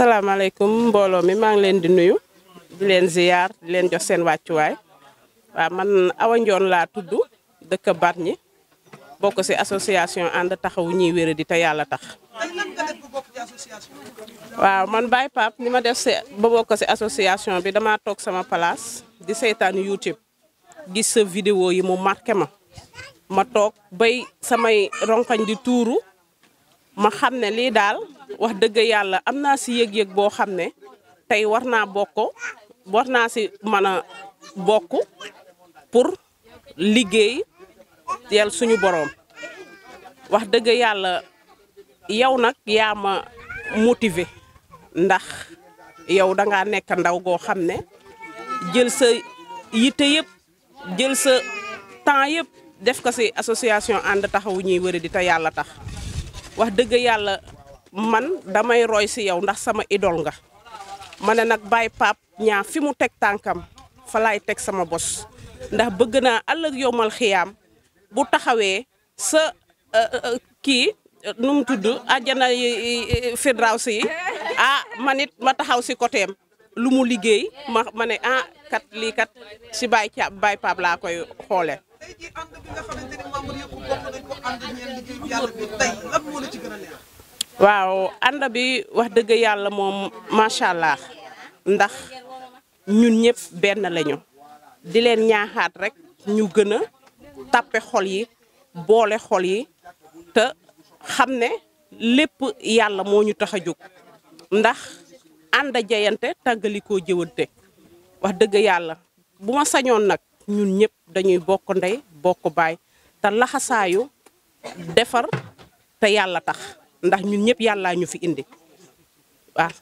asalaamaaleykum mbooloo mi maa ngi leen di nuyu di leen ziyaar di leen jox seen wàccuwaay man Awa njoon laa tudd dëkk Bargny bokk si association ànd taxawu ñiy di ta yàlla tax. waaw man Baye Pape ni ma def ci ba bokk si association bi damaa toog sama place di seetaan YouTube gis sa vidéo yi mu marqué ma ma toog bay samay ronkañ di tuuru ma xam ne lii daal. wax dëgg yàlla am naa si yëg-yëg boo xam ne tey war naa bokk war naa si mën a bokk pour liggéey yàlla suñu boroom wax dëgg yàlla yow nag yaa ma motiver ndax yow da ngaa nekk ndaw goo xam ne jël sa yitte yëpp jël sa temps yëpp def ko si association ànd taxawu ñuy di te yàlla tax wax dëgg yàlla man damay roy si yow ndax sama idool nga ma ne nag Baye Pape ñaa fi mu teg tànkam fa laay teg sama bos ndax bëgg naa ëllëg yomal xiyaam bu taxawee sa euh, euh, euh, kii num tudd àjjana firdaw si ah man it ma taxaw si côté am lu mu liggéey ma ma ne ah kat lii kat si Baye Ca Baye Pape laa koy xoole waaw ànd bi wax dëgg yàlla moom macha allah ndax ñun ñëpp benn lañu di leen ñaaxaat rek ñu gën a tàppe xol yi boole xol yi te xam ne lépp yàlla moo ñu tax a jóg ndax ànd jayante tàggalikoo jëwante wax dëgg yàlla bu ma sañoon nag ñun ñëpp dañuy bokk ndey bokk baay te laxasaayu defar te yàlla tax ndax ñun ñëpp yàllaa ñu fi indi waaw